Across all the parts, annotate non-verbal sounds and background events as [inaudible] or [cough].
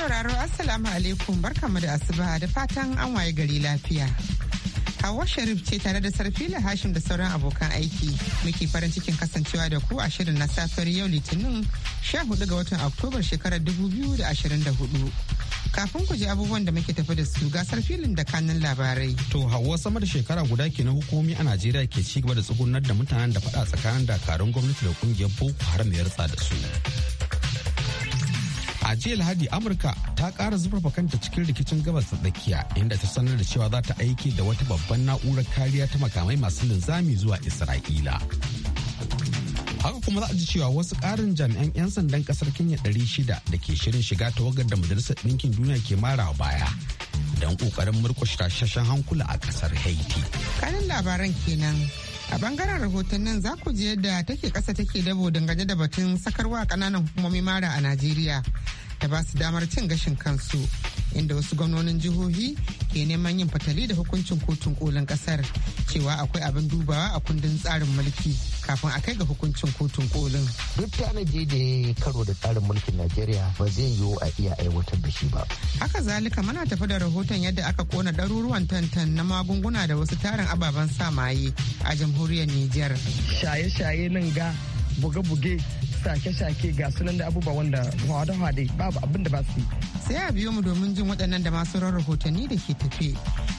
sauraro Assalamu alaikum barkamu da asuba da fatan an waye gari lafiya. Hawa Sharif ce tare da Sarfila Hashim da sauran abokan aiki muke farin cikin kasancewa da ku a shirin na safiyar yau Litinin 14 ga watan Oktobar shekarar 2024. Kafin ku ji abubuwan da muke tafi da su gasar filin da kanin labarai. To hawa sama da shekara guda ke na hukumi a Najeriya ke cigaba da tsugunar da mutanen da faɗa tsakanin dakarun gwamnati da kungiyar Boko Haram ya da su. a jiya lahadi amurka ta kara zurfafa kanta cikin rikicin gabas ta tsakiya inda ta sanar da cewa za ta aiki da wata babban na'urar kariya ta makamai masu linzami zuwa isra'ila haka kuma za a ji cewa wasu karin jami'an 'yan sandan kasar kenya 600 da ke shirin shiga tawagar da majalisar ɗinkin duniya ke mara baya don ƙoƙarin murkushe tashashen hankula a kasar haiti kanin labaran kenan a bangaren rahoton nan, za ku ji yadda take kasa take dabo dangane da batun sakarwa kananan hukumomi mara a najeriya ta ba su damar cin gashin kansu inda wasu gwamnonin jihohi ke neman yin fatali da hukuncin kotun kolin kasar cewa akwai abin dubawa a kundin tsarin mulki kafin a kai ga hukuncin kotun kolin. Duk tanaji da karo da tsarin mulkin Najeriya ba zai yiwu a iya aiwatar da shi ba. Haka zalika muna tafi da rahoton yadda aka kona ɗaruruwan tantan na magunguna da wasu tarin ababen sa maye a jamhuriyar Nijar. Shaye-shaye nan ga buge-buge sake sake ga sunan da abubuwa wanda hade-hade babu abin da ba su yi. sai a biyo mu domin jin waɗannan da masu ran rahotanni da ke tafe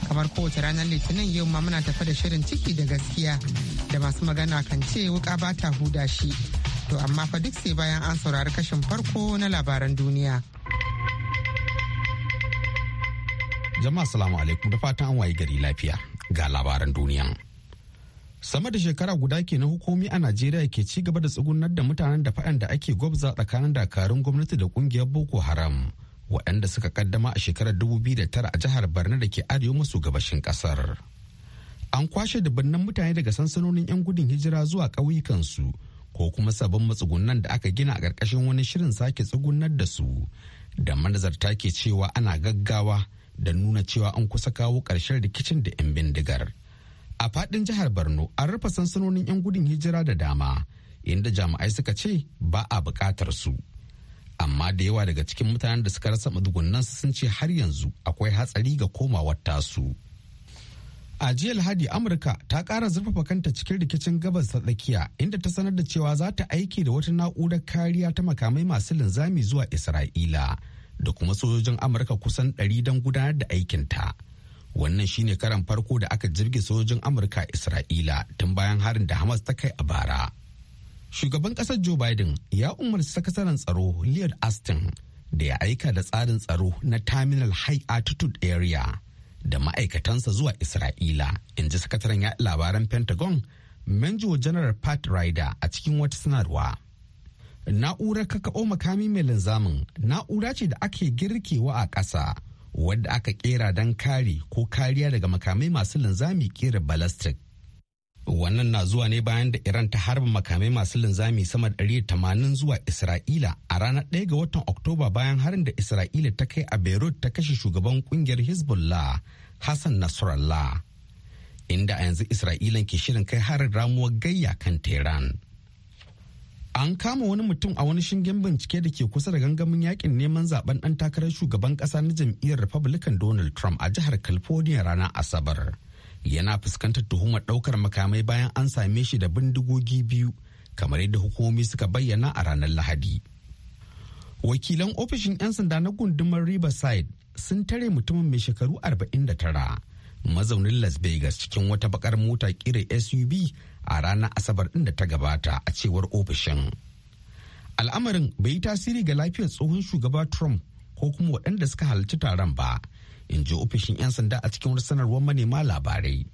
kamar kowace ranar litinin yau ma muna tafe da shirin ciki da gaskiya da masu magana kan ce wuka ba ta huda shi to amma fa duk sai bayan an saurari kashin farko na labaran duniya jama'a salamu alaikum da fatan an wayi gari lafiya ga labaran duniya sama da shekara guda ke na hukumi a najeriya ke ci gaba da tsugunar da mutanen da faɗan da ake gwabza tsakanin dakarun gwamnati da kungiyar boko haram waɗanda suka kaddama a shekarar dubu biyu da tara a jihar barna da ke arewa maso gabashin ƙasar an kwashe dubannan mutane daga sansanonin 'yan gudun hijira zuwa ƙauyukansu ko kuma sabon matsugunan da aka gina a ƙarƙashin wani shirin sake tsugunar da su da manazarta ke cewa ana gaggawa da nuna cewa an kusa kawo ƙarshen rikicin da 'yan bindigar a faɗin jihar borno an rufe sansanonin 'yan gudun hijira da dama inda jami'ai suka ce ba a bukatar su amma da yawa daga cikin mutanen da suka rasa madugunan sun ce har yanzu akwai hatsari ga komawar tasu a jiya lahadi amurka ta kara zurfafa kanta cikin rikicin gabas ta tsakiya inda ta sanar da cewa za ta aiki da wata na'urar kariya ta makamai masu linzami zuwa isra'ila da kuma sojojin amurka kusan ɗari don gudanar da aikinta. ta wannan shine karan farko da aka jirgi sojojin amurka isra'ila tun bayan harin da hamas ta kai a bara shugaban kasar joe biden ya umarci sakataren tsaro leon aston da ya aika da tsarin tsaro na terminal high altitude area da ma'aikatansa zuwa isra'ila in ji sakataren ya labaran pentagon manjo general pat ryder a cikin wata sanarwa na'urar kakao makami mai linzamin na'ura ce da ake girkewa a ƙasa wadda aka kera don kare ko kariya daga makamai masu linzami kera balastik. Wannan na zuwa ne bayan da Iran ta harba makamai masu linzami sama da 180 zuwa Isra'ila a ranar 1 ga watan Oktoba bayan harin da Isra'ila ta kai a Beirut ta kashe shugaban kungiyar Hezbollah Hassan Nasrallah. Inda a yanzu Isra'ilan ke shirin kai harin ramuwar gayya kan Tehran. An kama wani mutum a wani shingen bincike da ke kusa da gangamin yakin neman zaben ɗan takarar shugaban ƙasa na jam'iyyar Republican Donald Trump a jihar California ranar Asabar. Yana fuskantar tuhumar ɗaukar makamai bayan an same shi da bindigogi biyu kamar yadda hukumomi suka bayyana a ranar Lahadi. Wakilan ofishin 'yan sanda na gundumar Riverside sun tare mutumin mai shekaru 49 mazaunin Las Vegas cikin wata bakar mota kira SUV a ranar asabar ɗin da ta gabata a cewar ofishin al'amarin bai yi tasiri ga lafiyar tsohon shugaba trump ko kuma waɗanda suka halarci taron ba in ji ofishin 'yan sanda a cikin wani sanarwar manema labarai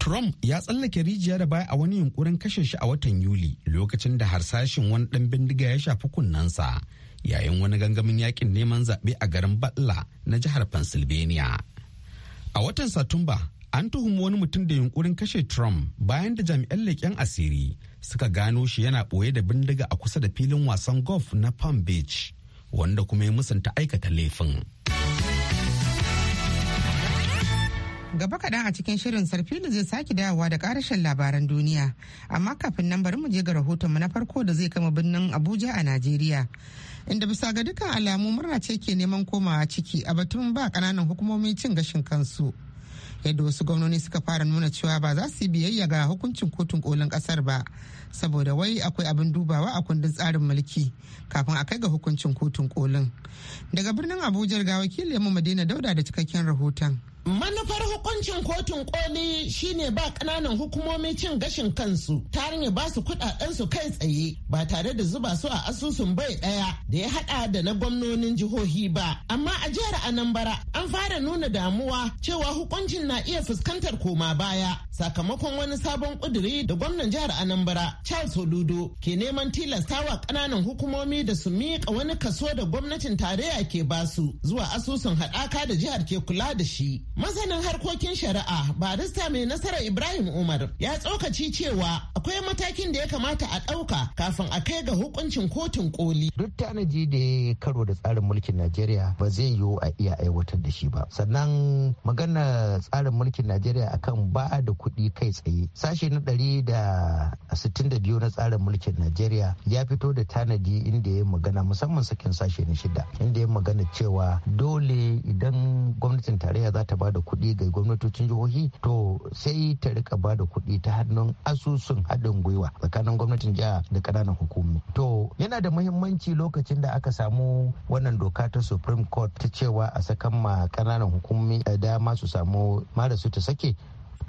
trump ya tsallake rijiya da baya a wani yunkurin kashe shi a watan yuli lokacin da harsashin wani ɗan bindiga ya shafi kunnensa yayin wani gangamin yakin neman zaɓe a garin butler na jihar pennsylvania a watan satumba an tuhumi wani mutum da yunkurin kashe trump bayan da jami'an leƙen asiri suka gano shi yana ɓoye da bindiga a kusa da filin wasan golf na palm beach wanda kuma ya musanta aikata laifin gaba kaɗan a cikin shirin sarfilu zai sake dawowa da ƙarashin labaran duniya amma kafin nan bari mu je ga rahotonmu na farko da zai kama birnin abuja a najeriya inda bisa ga dukkan alamu murna ce ke neman komawa ciki a batun ba ƙananan hukumomin cin gashin kansu yadda wasu gwamnoni suka fara nuna cewa ba za su biyayya ga hukuncin kotun kolin kasar ba saboda wai akwai abin dubawa a kundin tsarin mulki kafin a kai ga hukuncin kotun kolin daga birnin abuja ga wakilin mu madina dauda da cikakken rahoton Manufar hukuncin kotun koli shine ba ƙananan hukumomi cin gashin kansu ta hanyar ba su su kai tsaye ba tare da zuba su a asusun bai ɗaya da ya haɗa da na gwamnonin jihohi ba. Amma a jihar Anambra an fara nuna damuwa cewa hukuncin na iya fuskantar koma baya sakamakon wani sabon ƙuduri da gwamnan jihar Anambra Charles Oludo ke neman tilastawa ƙananan hukumomi da su miƙa wani kaso da gwamnatin tarayya ke basu zuwa asusun haɗaka da jihar ke kula da shi. Masanin harkokin shari'a barista mai nasara Ibrahim Umar ya tsokaci cewa akwai matakin da ya kamata a ɗauka kafin a kai ga hukuncin kotun koli. Duk tanaji da ya karo da tsarin mulkin Najeriya ba zai yiwu a iya aiwatar da shi ba. Sannan magana tsarin mulkin Najeriya akan ba da ku kuɗi kai tsaye sashe na ɗari da sittin da biyu na tsarin mulkin najeriya ya fito da tanadi inda ya magana musamman sakin sashe na shida inda ya magana cewa dole idan gwamnatin tarayya za ta bada kuɗi ga gwamnatocin jihohi to sai ta rika bada kuɗi ta hannun asusun haɗin gwiwa tsakanin gwamnatin jiha da ƙananan hukumi to yana da muhimmanci lokacin da aka samu wannan doka ta supreme court ta cewa a sakan ma ƙananan hukumi eh, dama su samu mara su ta sake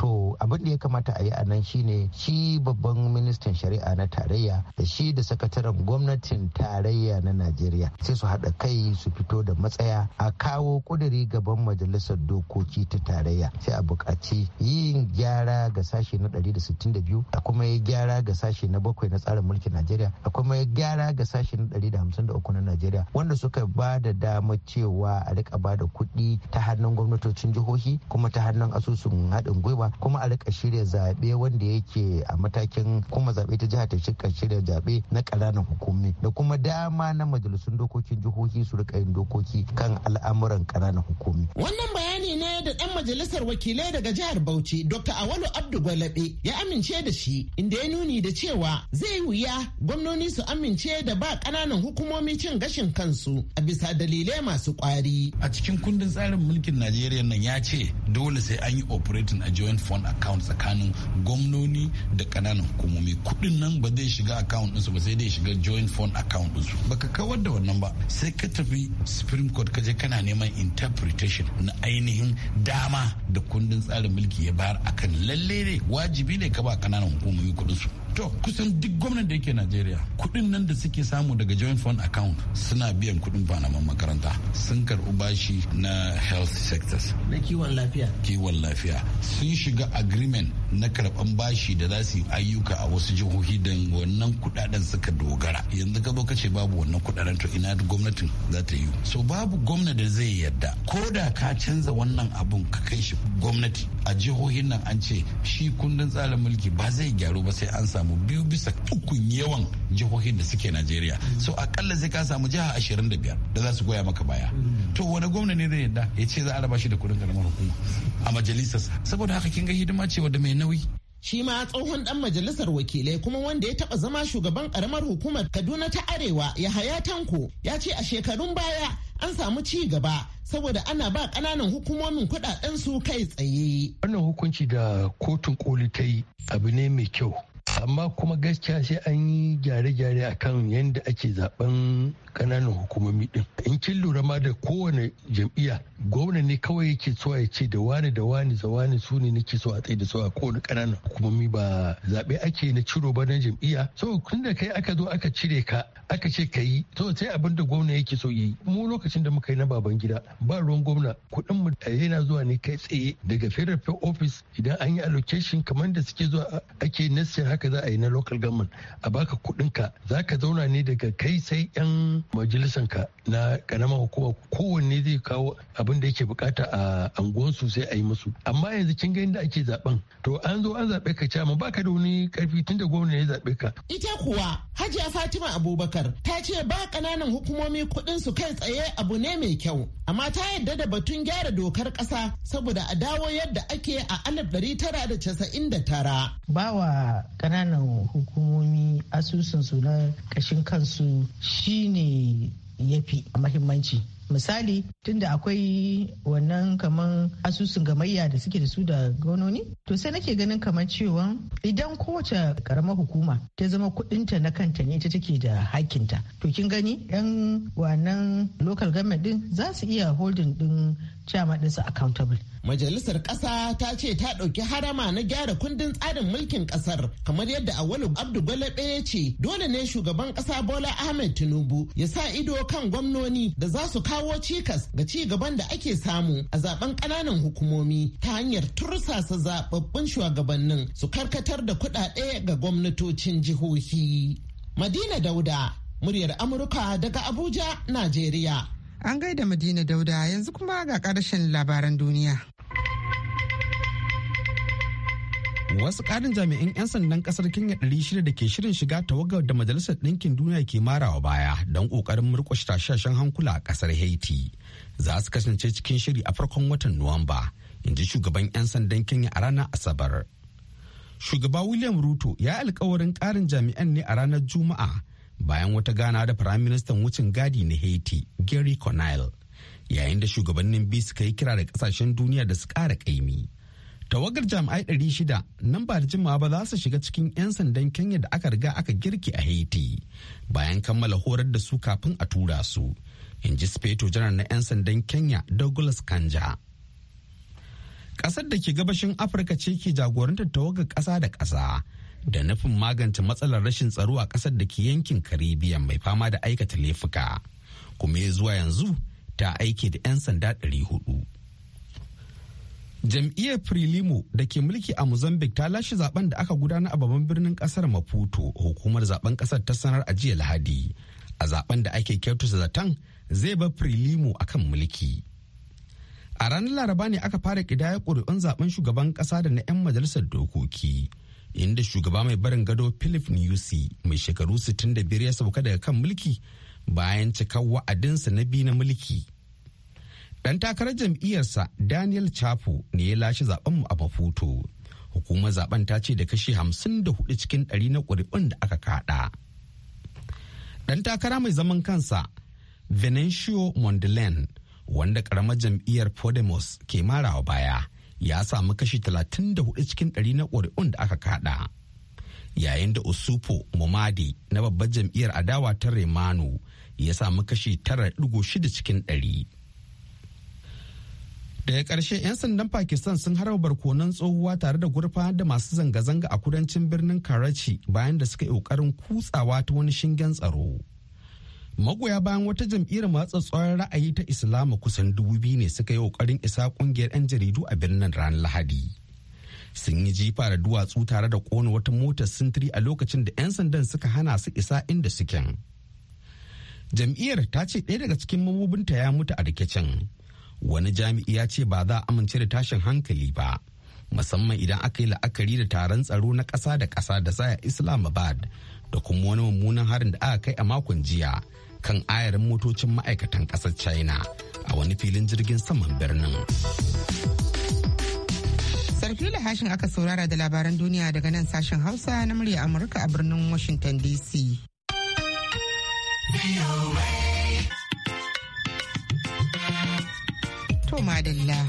to abin da ya kamata a yi a nan shine shi babban ministan shari'a na tarayya da shi da sakataren gwamnatin tarayya na najeriya sai su haɗa kai su fito da matsaya a kawo kuduri gaban majalisar dokoki ta tarayya sai a buƙaci yin gyara ga sashe na 162 da kuma yi gyara ga sashe na bakwai na tsarin mulkin najeriya A kuma yi gyara ga sashe na 153 na najeriya wanda suka ba da dama cewa a rika ba da kuɗi ta hannun gwamnatocin jihohi kuma ta hannun asusun haɗin gwiwa kuma a rika shirya zaɓe wanda yake a matakin kuma zaɓe ta jiha ta shirka shirya zaɓe na ƙananan hukumi da kuma dama na majalisun dokokin jihohi su rika yin dokoki kan al'amuran ƙananan hukumi. Wannan bayani ne da ɗan majalisar wakilai daga jihar Bauchi Dr. Awalu Abdu Gwalabe ya amince da shi inda ya nuni da cewa zai wuya gwamnoni su amince da ba ƙananan hukumomi cin gashin kansu a bisa dalilai masu ƙwari. A cikin kundin tsarin mulkin Najeriya nan ya ce dole sai an yi operating a joint fund account tsakanin gwamnoni da kananan hukumomi kudin nan ba zai shiga account ɗinsu ba sai dai shiga joint fund account ɗinsu baka kawar da wannan ba sai ka tafi supreme court ka je kana neman interpretation na ainihin dama da kundin tsarin mulki ya bayar akan lalle ne wajibi ne ka ba kananan hukumomi kudin su to kusan duk gwamnan da yake najeriya kudin nan da suke samu daga joint fund account suna biyan kudin banaman makaranta sun karɓi bashi na health sectors na kiwon lafiya kiwon lafiya sun shiga agreement na karɓan bashi da za su yi ayyuka a wasu jihohi da wannan kuɗaɗen suka dogara yanzu ka zo kace babu wannan kuɗaɗen to ina gwamnatin za ta yi so babu gwamna da zai yadda ko da ka canza wannan abun ka kai shi gwamnati a jihohin nan an ce shi kundin tsarin mulki ba zai gyaru ba sai an samu samu biyu bisa ukun yawan jihohin da suke Najeriya. So akalla zai ka samu jiha ashirin da biyar da za su goya maka baya. To wani gwamna ne zai yadda ya ce za a raba shi da kudin karamar hukuma a majalisar saboda haka kin ga hidima ce wadda mai nauyi. shi ma tsohon dan majalisar wakilai kuma wanda ya taba zama shugaban karamar hukumar kaduna ta arewa yahaya tanko ya ce a shekarun baya an samu ci gaba saboda ana ba kananan hukumomin kudaden su kai tsaye wannan hukunci da kotun koli ta yi abu ne mai kyau amma kuma gaskiya sai an yi gyare-gyare a kan yadda ake zaben kananan hukumomi din in kin lura ma da kowane jam'iyya gwamna ne kawai yake so ya ce da wani da wani za wani su ne nake so a tsaye da su a kowane kananan hukumomi ba zaɓe ake na ciro ba na jam'iyya so tun da kai aka zo aka cire ka aka ce ka yi to sai abin da gwamna yake so yi mu lokacin da muka yi na baban gida ba ruwan gwamna kuɗin mu yana zuwa ne kai tsaye daga federal office idan an yi allocation kamar da suke zuwa ake nasiyar haka ka za a yi na local government a baka kuɗin ka za ka zauna ne daga kai sai yan majalisan ka na karamar hukuma kowanne zai kawo abin da yake bukata a anguwansu sai a yi musu amma yanzu kin ga inda ake zaben to an zo an zaɓe ka cama baka da wani karfi tunda gwamnati ya zaɓe ka. ita kuwa hajiya fatima abubakar ta ce ba kananan hukumomi kuɗin su kai tsaye abu ne mai kyau amma ta yadda da batun gyara dokar kasa saboda a dawo yadda ake a alif ba tara ƙananan hukumomi asusun na ƙashin kansu shine yafi a mahimmanci misali tunda akwai wannan kamar asusun gamayya da suke da su da gononi to sai nake ganin kamar cewa idan kowace karamar hukuma ta zama kudinta na kanta ne ita take da hakinta to kin gani yan wannan local government din za su iya holding din chairman su accountable Majalisar Ƙasa ta ce ta ɗauki harama na gyara kundin tsarin mulkin ƙasar kamar yadda Awalu Abdu Gwalaɓe ya ce dole ne shugaban ƙasa Bola Ahmed Tinubu ya sa ido kan gwamnoni da za su kawo kawo cikas ga ci gaban da ake samu a zaben ƙananan hukumomi ta hanyar tursasa zababbin shugabannin su karkatar da kuɗaɗe ga gwamnatocin jihohi. Madina Dauda, muryar Amurka daga Abuja, Najeriya. An gaida Madina Dauda yanzu kuma ga ƙarshen labaran duniya. wasu ƙarin jami'in 'yan sandan ƙasar kenya shida da ke shirin shiga tawagar da majalisar ɗinkin duniya ke marawa baya don ƙoƙarin murƙushe tashashen hankula a ƙasar haiti za su kasance cikin shiri a farkon watan nuwamba in ji shugaban 'yan sandan kenya a ranar asabar shugaba william ruto ya alkawarin ƙarin jami'an ne a ranar juma'a bayan wata gana da firaministan wucin gadi na haiti gary conile yayin da shugabannin biyu suka yi kira da ƙasashen duniya da su ƙara ƙaimi. tawagar jami'ai 600 nan ba da jimawa ba za su shiga cikin 'yan sandan kenya da aka riga aka girki a haiti bayan kammala horar da su kafin a tura su in ji speto janar na 'yan sandan kenya douglas kanja ƙasar da ke gabashin afirka ce ke jagorantar tawagar ƙasa da ƙasa da nufin magance matsalar rashin tsaro a ƙasar da ke yankin caribbean mai fama da aikata laifuka kuma ya zuwa yanzu ta aiki da 'yan sanda 400 Jam'iyyar Frelimo da ke mulki a Mozambique ta lashe zaben da aka gudana a babban birnin kasar Maputo, hukumar zaben kasar ta sanar a jiya Lahadi. A zaben da ake kyautata zaton zai bar Frelimo a kan mulki. A ranar Laraba ne aka fara kidaya ƙuri'un zaben shugaban kasa da na 'yan majalisar dokoki. Inda shugaba mai barin gado Philip Nyusi mai shekaru 65 ya sauka daga kan mulki bayan cikar wa'adinsa na biyu na mulki. Dan takarar jam'iyyarsa Daniel Chapo ne ya lashe zaben a Maputo. Hukumar zaben ta ce da kashi 54 cikin 100 na ƙuri'un da aka kaɗa. Dan takara mai zaman kansa Venancio Mondlane wanda karamar jam'iyyar Podemos ke marawa baya ya samu kashi 34 cikin 100 na ƙuri'un da aka kaɗa Yayin da Usupo Momadi na babbar jam'iyyar adawa ta Remano ya samu kashi 9.6 cikin 100. daga ƙarshe 'yan sandan pakistan sun harba barkonon tsohuwa tare da gurfa da masu zanga-zanga a kudancin birnin karachi bayan da suka yi ƙoƙarin kutsawa ta wani shingen tsaro magoya bayan wata jam'iyyar matsatsawar ra'ayi ta islamu kusan dubu biyu ne suka yi ƙoƙarin isa ƙungiyar 'yan jaridu a birnin ranar lahadi sun yi jifa da duwatsu tare da ƙona wata mota sintiri a lokacin da 'yan sandan suka hana su isa inda suken jam'iyyar ta ce ɗaya daga cikin mambobinta ya mutu a rikicin wani jami'i ya ce ba za a amince da tashin hankali ba musamman idan aka yi la'akari da taron tsaro na ƙasa da ƙasa da tsaya islamabad da kuma wani mummunan harin da aka kai a makon jiya kan ayarin motocin ma'aikatan ƙasar china a wani filin jirgin saman birnin sarki hashin aka saurara da labaran duniya daga nan sashen hausa na murya amurka a birnin washington dc madalla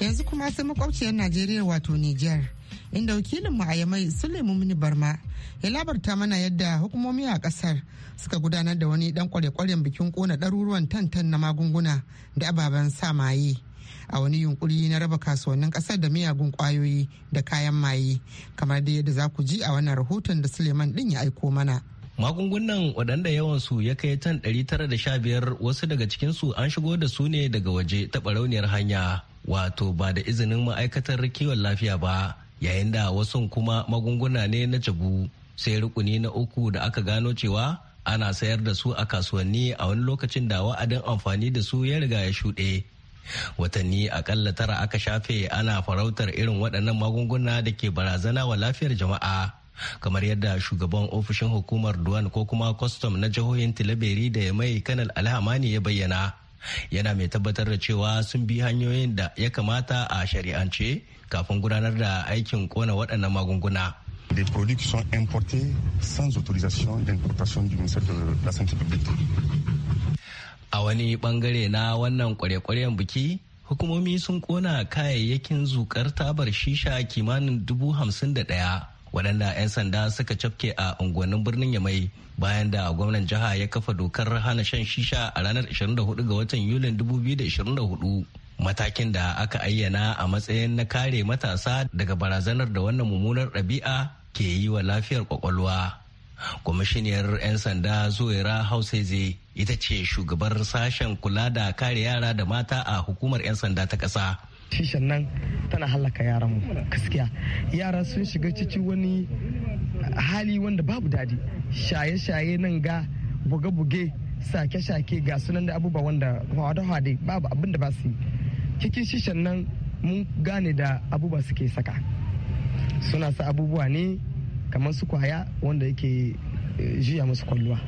yanzu kuma sai makwabciyar najeriya wato niger inda wakilinmu a yamai suleiman mini barma ya labarta mana yadda hukumomi a kasar suka gudanar da wani dan kwale-kwalen bikin kona ɗaruruwan tantan na magunguna da ababen sa maye a wani yunkuri na raba kasuwannin kasar da miyagun kwayoyi da kayan maye kamar da yadda za ku ji a wannan rahoton da suleiman din ya aiko mana magungunan waɗanda yawan su ya kai tan 915 wasu daga cikinsu an shigo da su ne daga waje ta barauniyar hanya wato ba da izinin ma'aikatar kiwon lafiya ba yayin da wasu kuma magunguna ne na jabu sai rukuni na uku da aka gano cewa ana sayar da su a kasuwanni a wani lokacin da wa'adin amfani da su ya riga ya shuɗe watanni akalla tara aka shafe ana farautar irin waɗannan magunguna da ke barazana wa lafiyar jama'a kamar yadda shugaban ofishin hukumar duwan ko kuma kwastam na jihohin tilaberi da ya mai kanal alhamani ya bayyana yana mai tabbatar da cewa sun bi hanyoyin da ya kamata a shari'ance kafin gudanar da aikin kona waɗannan magunguna. Des produits qui sont importés sans autorisation d'importation du ministère de la Santé publique. A wani bangare na wannan kware biki, hukumomi sun kona kayayyakin zukar tabar shisha kimanin dubu hamsin da ɗaya. waɗanda 'yan sanda suka cafke a unguwannin birnin yamai bayan da gwamnan jiha ya kafa dokar hana shan shisha a ranar 24 ga watan yulin 2024 matakin da aka ayyana a matsayin na kare matasa daga barazanar da wannan mummunar ɗabi'a ke yi wa lafiyar kwakwalwa. kwamishiniyar 'yan sanda zuwaira hausaize ita ce shugabar sashen kula da kare yara da mata a hukumar 'yan sanda ta ƙasa tishan nan tana halaka yaran mu gaskiya yara sun shiga ciki wani hali wanda babu daɗi shaye-shaye nan ga buge-buge sake-sake ga sunan da abubuwa wanda babu abin da ba su yi cikin shishan nan mun gane da abubuwa suke saka suna sa abubuwa ne kamar su kwaya wanda yake eh, jiya musu kwalluwa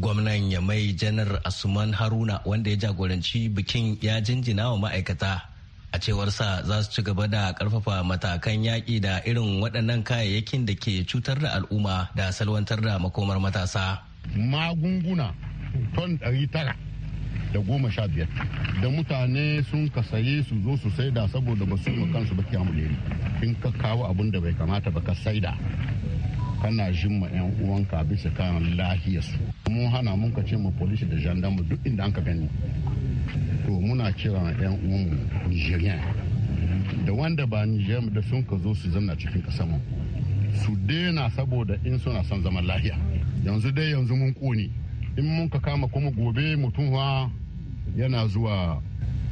gwamnan ya mai janar asuman haruna wanda ya jagoranci bikin ya jinjina wa ma'aikata a cewar sa za su ci gaba da karfafa matakan yaki da irin waɗannan kayayyakin da ke cutar da al'umma da salwantar da makomar matasa magunguna ton tara da goma sha biyar da mutane sun ka saye su zo su saida saboda ba su kansu ba kiyamu in ka kawo abin da bai kamata ba ka saida kana jin ma yan uwanka bisa kan lahiyarsu mun hana mun ka ce ma polisi da jandarmu duk inda an ka gani to muna kira 'yan uwanmu nigeria da wanda ba nigeria da sun ka zo su zamna cikin mu su daina saboda in suna son zaman lafiya. yanzu dai yanzu mun kone in mun ka kama kuma gobe mutum yana zuwa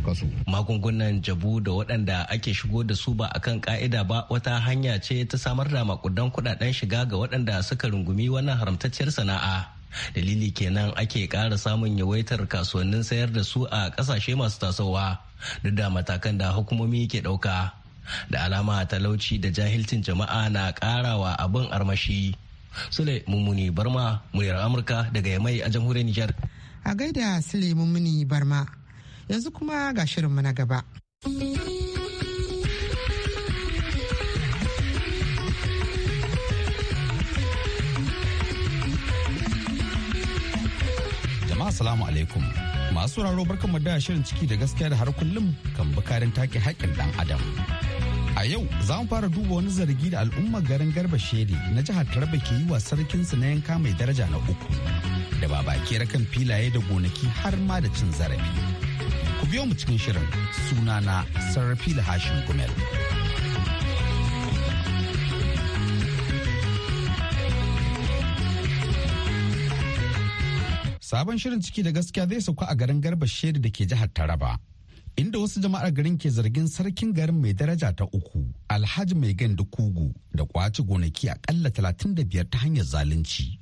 kaso. Magungunan jabu da waɗanda ake shigo da su ba a kan ka'ida ba wata hanya ce ta samar da makudan kudaden shiga ga waɗanda suka rungumi wannan haramtacciyar sana'a. dalili kenan ake ƙara samun yawaitar kasuwannin sayar da su a ƙasashe masu tasowa duk da matakan da hukumomi ke ɗauka da alama talauci da jahilcin jama'a na ƙarawa abin armashi sule mummuni barma muryar amurka daga yamai a jamhuriyar nijar a gaida sule mummuni barma yanzu kuma ga shirinmu na gaba. Assalamu alaikum. Masu sauraro barkanmu da shirin ciki da gaskiya da har kullum kan bukarin take haƙƙin ɗan adam. A yau za mu fara duba wani zargi da al'umma garin Garba Sheri na jihar Taraba ke yi wa sarkin sarkinsu na yanka mai daraja na uku. Da babakera kan filaye da gonaki har ma da cin zarafi. Ku biyo mu cikin shirin sunana Sarrafi Hashim Gumel. Sabon shirin ciki da gaskiya zai sauka a garin Garba shedi da ke jihar Taraba. Inda wasu jama'ar garin ke zargin sarkin garin mai daraja ta uku, Alhaji Mai gan da Kugu da kwaci gonaki akalla biyar ta hanyar zalunci.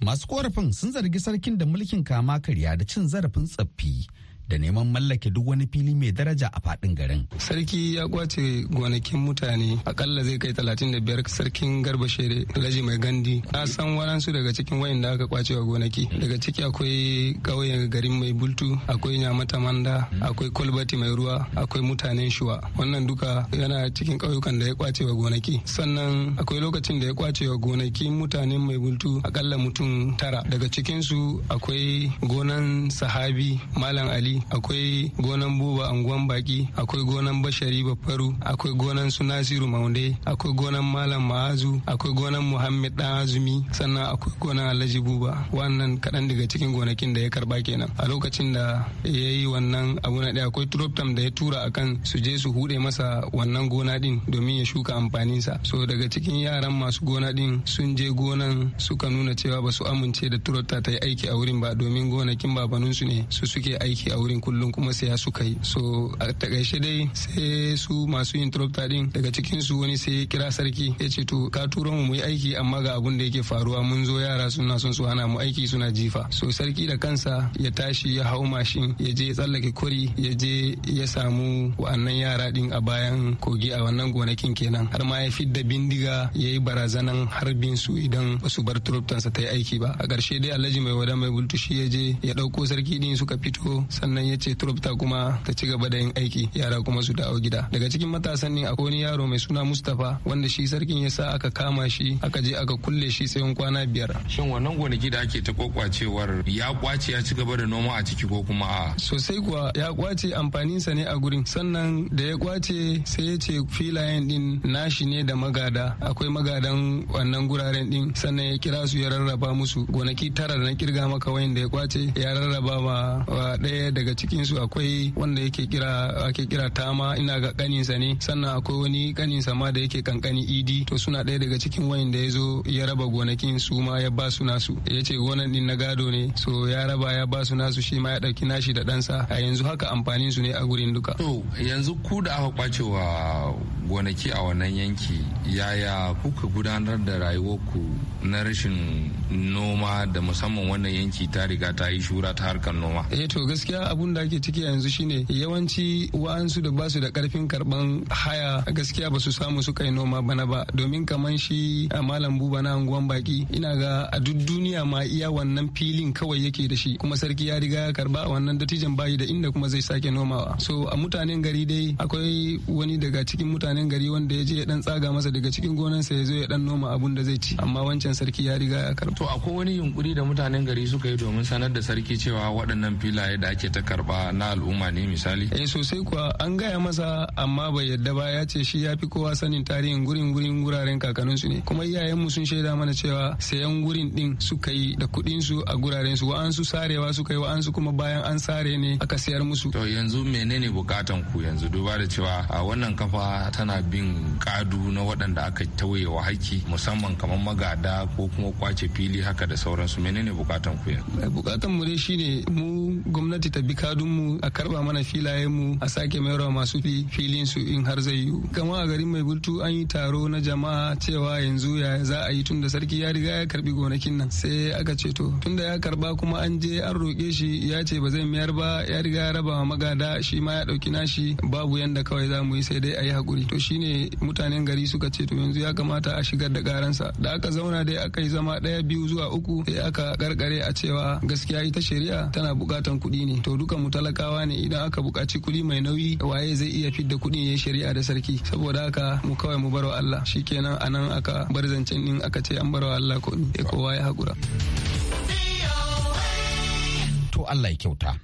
Masu korafin sun zargi sarkin da mulkin kama karya da cin zarafin tsaffi da neman mallake duk wani fili mai daraja a faɗin garin. Sarki ya kwace gonakin mutane akalla zai kai talatin da sarkin garba shere laji mai gandi. Na san waransu daga cikin wayan da aka kwace wa gonaki. Daga ciki akwai ƙauyen garin mai bultu, akwai nyamata manda, akwai kolbati mai ruwa, akwai mutanen shuwa. Wannan duka yana cikin ƙauyukan da ya kwace wa gonaki. Sannan akwai lokacin da ya kwace wa gonaki mutanen mai bultu akalla mutum tara. Daga cikinsu akwai gonan sahabi Malam Ali akwai gonan buba anguwan baki akwai gonan bashari bafaru akwai gonan su nasiru maunde akwai gonan malam ma'azu akwai gonan muhammad dan azumi sannan akwai gonan alhaji buba wannan kadan daga cikin gonakin da ya karba kenan a lokacin da ya yi wannan abu na ɗaya akwai turoptam da ya tura akan su je su hude masa wannan gona din domin ya shuka amfaninsa so daga cikin yaran masu gona din sun je gonan suka nuna cewa ba su amince da turopta ta yi aiki a wurin ba domin gonakin su ne su suke aiki a wurin wurin kullum kuma saya suka yi so a takaice dai sai su masu yin interrupter din daga cikin su wani sai ya kira sarki ya ce to ka turo mu mu yi aiki amma ga abun da yake faruwa mun zo yara suna son su hana mu aiki suna jifa so sarki da kansa ya tashi ya hau mashin ya je ya tsallake kwari ya je ya samu wa'annan yara din a bayan kogi a wannan gonakin kenan har ma ya fidda bindiga ya yi barazanan harbin su idan ba su bar turuftansa ta yi aiki ba a ƙarshe dai alhaji mai wada mai bultu shi ya je ya ɗauko sarki din suka fito sannan sannan ya ce kuma ta ci gaba da yin aiki yara kuma su dawo gida daga cikin matasan ne akwai wani yaro mai suna mustapha wanda shi sarkin ya sa aka kama shi aka je aka kulle shi tsawon kwana biyar shin wannan gonaki da ake ta kokwacewar ya kwace ya ci gaba da noma a ciki ko kuma a sosai kuwa ya kwace amfaninsa ne a gurin sannan da ya kwace sai ya ce filayen din nashi ne da magada akwai magadan wannan guraren din sannan ya kira su ya rarraba musu gonaki tara da na kirga maka wayan da ya kwace ya rarraba ma daya da daga cikin su akwai wanda yake kira ake kira tama ina ga kaninsa ne sannan akwai wani kaninsa ma da yake kankani idi to suna ɗaya daga cikin da ya zo ya raba gonakin su ma ya ba su nasu ya ce gonan din na gado ne so ya raba ya ba su nasu shi ma ya ɗauki nashi da ɗansa a yanzu haka amfanin su ne a gurin duka to yanzu ku da aka kwacewa gonaki a wannan yanki yaya kuka gudanar da rayuwarku na rashin noma da musamman wannan yanki ta riga ta yi shura ta harkar noma eh to gaskiya abun da ake ciki yanzu shine yawanci wa'ansu da basu da karfin karban haya gaskiya basu samu su kai noma bana ba domin kaman shi a malam buba na anguwan baki ina ga a duk duniya ma iya wannan filin kawai yake da shi kuma sarki ya riga ya karba wannan dattijan bayi da inda kuma zai sake nomawa so a mutanen gari dai akwai wani daga cikin mutanen nan gari wanda ya je ya dan tsaga masa daga cikin gonansa ya zo ya dan noma abun da zai ci amma wancan sarki ya riga ya karba to akwai wani yunkuri da mutanen gari suka yi domin sanar da sarki cewa waɗannan filaye da ake ta karba na al'umma ne misali eh sosai kuwa an gaya masa amma bai yadda ba ya ce shi ya fi kowa sanin tarihin gurin gurin guraren kakannin su ne kuma iyayenmu sun shaida mana cewa sayan gurin din suka yi da kuɗin su a guraren su wa'ansu sarewa suka yi wa'ansu kuma bayan an sare ne aka sayar musu to yanzu menene bukatan ku yanzu duba da cewa a wannan kafa ta tana bin kadu na waɗanda aka wa haƙƙi musamman kamar magada ko kuma kwace fili haka da sauransu menene bukatan ku eh, bukatan mu dai shine mu gwamnati ta bi kadun mu a karba mana filayen mu a sake mayarwa masu filin su in har zai yiwu kama a garin mai bultu an yi taro na jama'a cewa yanzu ya za a yi tunda sarki ya riga ya karbi gonakin nan sai aka ce to tunda ya karba kuma an je an roƙe shi ya ce ba zai mayar ba ya riga ya raba magada shi ma ya ɗauki nashi babu yanda kawai za mu yi sai dai a yi hakuri to shine mutanen gari suka ce to yanzu ya kamata a shigar da garansa da aka zauna dai aka yi zama daya biyu zuwa uku sai aka karkare a cewa gaskiya ita shari'a tana bukatan kuɗi ne to duka mu talakawa ne idan aka bukaci kuɗi mai nauyi waye zai iya fidda kuɗi ya shari'a da sarki saboda haka mu kawai mu barwa Allah shikenan anan aka bar zancen din aka ce an barwa Allah ko ni kowa ya hakura to Allah ya kyauta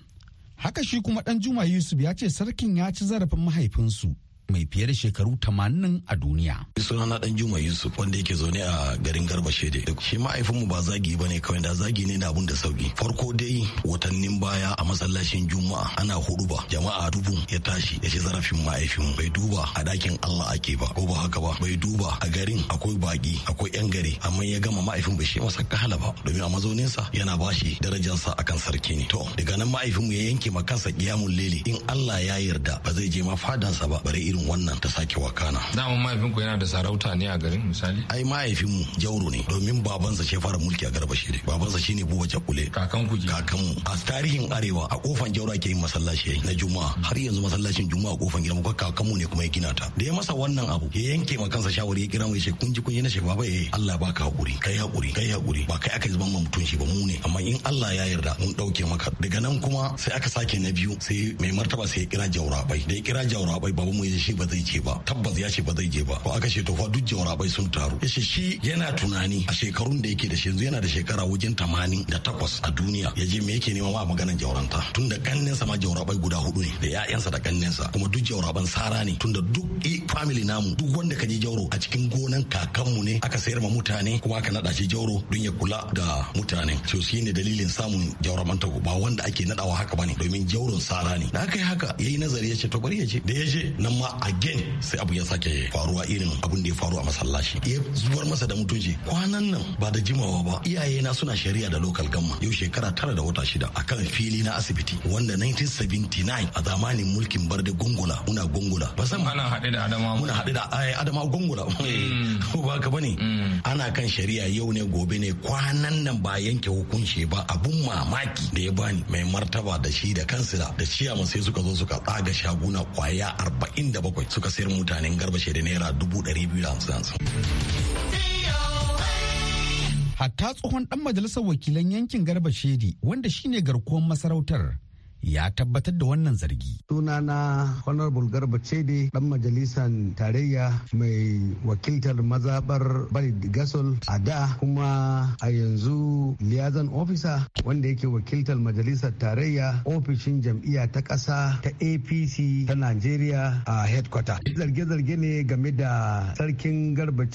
haka shi kuma dan Juma Yusuf ya ce sarkin ya ci zarafin mahaifinsu mai fiye da shekaru 80 a duniya. Sunana dan Juma Yusuf wanda yake zaune a garin Garba Shede. Shi ma'aifinmu ba zagi ba ne, kawai da zagi ne na abun da sauki. Farko dai watannin baya a masallacin Juma'a ana ba. jama'a dubu ya tashi ya ce zarafin mahaifinmu. bai duba a dakin Allah ake ba ko ba haka ba bai duba a garin akwai baki akwai yan gari amma ya gama ma'aifin bai shi masa kahala ba domin a mazauninsa yana bashi darajarsa akan sarki ne. To daga nan mahaifinmu ya yanke ma kansa kiyamun lele in Allah ya yarda ba zai je ma fadansa ba bare irin yin wannan ta sake wakana Dama mahaifinku yana da sarauta ne a garin misali ai mahaifinmu jauro ne domin babansa shi fara mulki a garba shi babansa ne buwa jakule kakan ku kakan mu a tarihin arewa a kofan jauro ake yin masallaci na juma'a har yanzu masallacin juma'a kofan gidan mu kakan mu ne kuma ya gina ta da ya masa wannan abu ya yanke ma kansa shawari ya kira mu ya ce kun ji kun yi na baba eh Allah ya baka hakuri kai hakuri kai hakuri ba kai aka zuban ma mutun shi ba mu ne amma in Allah ya yarda mun dauke maka daga nan kuma sai aka sake na biyu sai mai martaba sai ya kira jaurabai da ya kira jaurabai baba mu ya ce ba zai je ba tabbas ya ce ba zai je ba ko aka ce to fa duk jawabai sun taru ya ce shi yana tunani a shekarun da yake da shi yanzu yana da shekara wajen tamanin da takwas a duniya ya je me yake nema ma maganan jawaranta tun da kannensa ma jaurabai guda hudu ne da ya'yansa da kannensa kuma duk jauraban sara ne tun da duk family namu duk wanda ka je jauro a cikin gonan kakanmu ne aka sayar ma mutane kuma aka nada shi jauro don ya kula da mutane to shi ne dalilin samun jauraban tago ba wanda ake nadawa haka bane domin jauron sara ne da aka yi haka yayi nazari ya ce to bari ya je da ya je nan ma again sai abu ya sake faruwa irin abun da ya faru a masallaci ya zuwar masa da mutunci kwanan nan ba da jimawa ba iyaye na suna shari'a da local gamma yau shekara tara da wata shida akan fili na asibiti wanda 1979 a zamanin mulkin barde gongula muna gongula ba san ana haɗe da adama muna haɗe da eh, adama mm. [laughs] Ko ba ka bane mm. ana kan shari'a yau ne gobe ne kwanan nan ba yanke hukunci ba abun mamaki da ya bani mai martaba da shi da kansila da ciyama sai suka zo suka tsaga shaguna kwaya 47 bakwai suka sayar mutanen garba shaida naira dubu ɗari biyu da hamsin hamsin. Hatta tsohon ɗan majalisar wakilan yankin Garba Shedi wanda shine garkuwan masarautar ya tabbatar da wannan zargi. Sunana Honorable Garba Cede dan majalisar tarayya mai wakiltar mazabar Bari Gasol a da kuma a yanzu liyazan ofisa wanda yake wakiltar majalisar tarayya ofishin jam'iyya ta ƙasa ta APC ta Najeriya a headquarter. Zarge-zarge ne game da sarkin Garba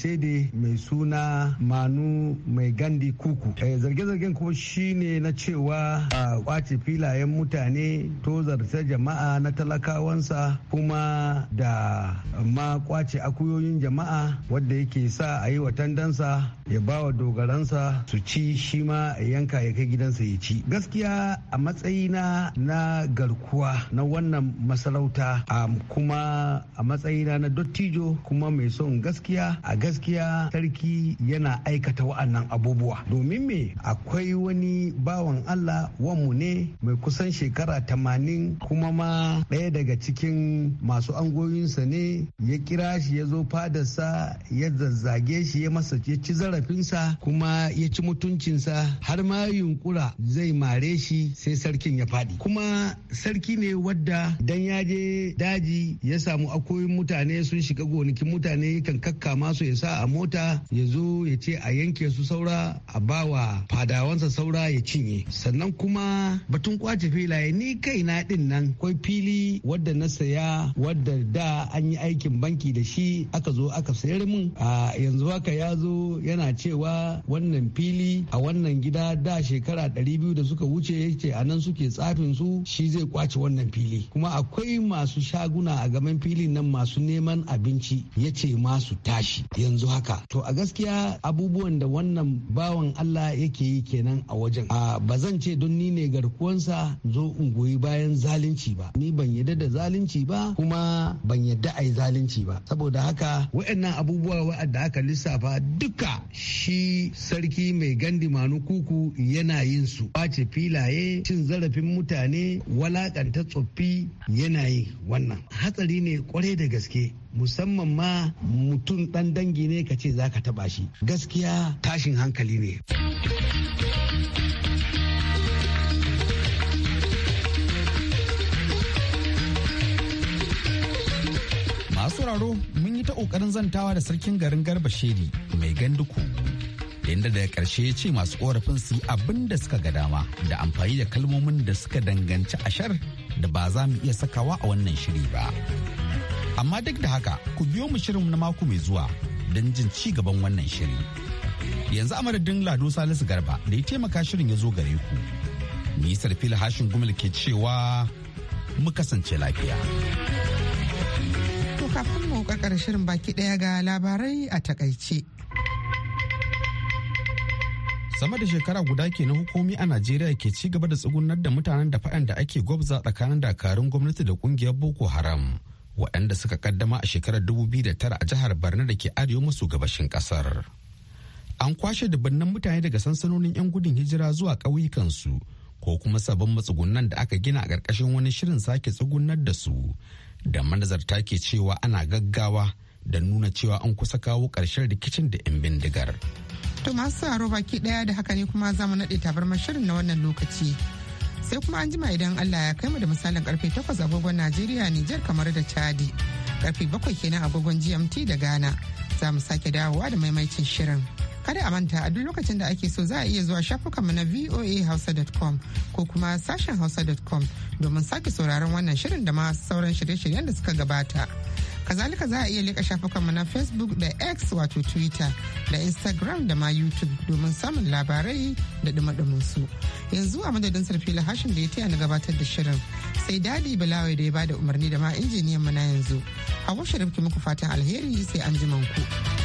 mai suna Manu mai gandi kuku. Eh, zarge-zargen kuma shine na cewa a kwace filayen mutane ne tozarta jama'a na talakawansa kuma da ma kwace akuyoyin jama'a wadda yake sa a yi watandansa ya ba wa dogaransa su ci shi ma yanka ya kai gidansa ya ci gaskiya a matsayina na garkuwa na wannan masarauta kuma a matsayina na dottijo kuma mai son gaskiya a gaskiya sarki yana aikata wa'annan abubuwa domin me akwai wani bawan allah wanmu ne mai kusan shekara shekara tamanin kuma ma ɗaya daga cikin masu angoyinsa ne ya kira shi ya zo fadarsa ya zazzage shi ya masa ya ci zarafinsa kuma ya ci mutuncinsa har ma yunkura zai mare shi sai sarkin ya faɗi kuma sarki ne wadda dan ya je daji ya samu akoyin mutane sun shiga gonakin mutane kan kakka su ya sa a mota ya zo ya ce a yanke su saura a bawa fadawansa saura ya cinye sannan kuma batun kwace filaye ni kai na din nan kwai fili wadda na saya wadda da an yi aikin banki da shi aka zo aka sayar min a yanzu haka ya zo yana cewa wannan fili a wannan gida da shekara 200 da suka wuce yace a nan suke tsafin su shi zai kwace wannan fili kuma akwai masu shaguna a gaban filin nan masu neman abinci Ya yace masu tashi yanzu haka to a gaskiya abubuwan da wannan bawan Allah yake yi kenan a wajen a zan ce don ni ne garkuwansa zo in goyi bayan zalunci ba ni ban yadda da zalunci ba kuma ban yadda a yi zalunci ba saboda haka wa'annan abubuwa wa'adda aka lissafa duka shi sarki mai gandi manu kuku yana yin su ɓace filaye cin zarafin mutane walakanta tsoffi yana yi wannan hatsari ne kwarai da gaske musamman ma mutum ɗan dangi ne ka ce za ka taɓa shi gaskiya tashin hankali ne. masu sauraro mun yi ta ƙoƙarin zantawa da sarkin garin garba shedi mai ganduku inda daga karshe ya ce masu korafin su yi abin da suka ga dama da amfani da kalmomin da suka danganci ashar da ba za mu iya sakawa a wannan shiri ba amma duk da haka ku biyo mu shirin na mako mai zuwa don jin ci gaban wannan shiri yanzu amadadin lado salisu garba da ya taimaka shirin ya zo gare ku nisar fil hashin gumal ke cewa mu kasance lafiya. kafin mu kakar shirin baki daya ga labarai a takaice. sama da shekara guda ke na hukumi a najeriya ke ci gaba da tsugunar da mutanen da faɗan da ake gwabza tsakanin dakarun gwamnati da kungiyar boko haram waɗanda suka kaddama a shekarar 2009 a jihar barna da ke arewa maso gabashin ƙasar an kwashe dubannan mutane daga sansanonin 'yan gudun hijira zuwa ƙauyukansu ko kuma sabon matsugunan da aka gina a ƙarƙashin wani shirin sake tsugunar da su da manazarta ke cewa ana gaggawa da nuna cewa an kusa kawo ƙarshen rikicin da 'yan bindigar. To masu tsaro baki ɗaya da haka ne kuma za mu naɗe tabarmar shirin na wannan lokaci. Sai kuma an jima idan Allah ya kai mu da misalin karfe 8 agogon Najeriya, Nijar kamar da Chadi. Karfe 7 kenan agogon GMT da Ghana. Za mu sake dawowa da maimaicin shirin. Kada a manta a duk lokacin da ake so za a iya zuwa shafukanmu na voahausa.com ko kuma sashen hausa.com domin sake sauraron wannan shirin da ma sauran shirye-shiryen da suka gabata. Kazalika za a iya leka shafukanmu na Facebook da X wato Twitter da Instagram da ma YouTube domin samun labarai da dumadumin su. Yanzu a madadin sarfila hashin da ya taya na gabatar da shirin sai dadi balawai da ya bada umarni da ma injiniyan mu na yanzu. Hawa Sharif ki muku fatan alheri sai an ku.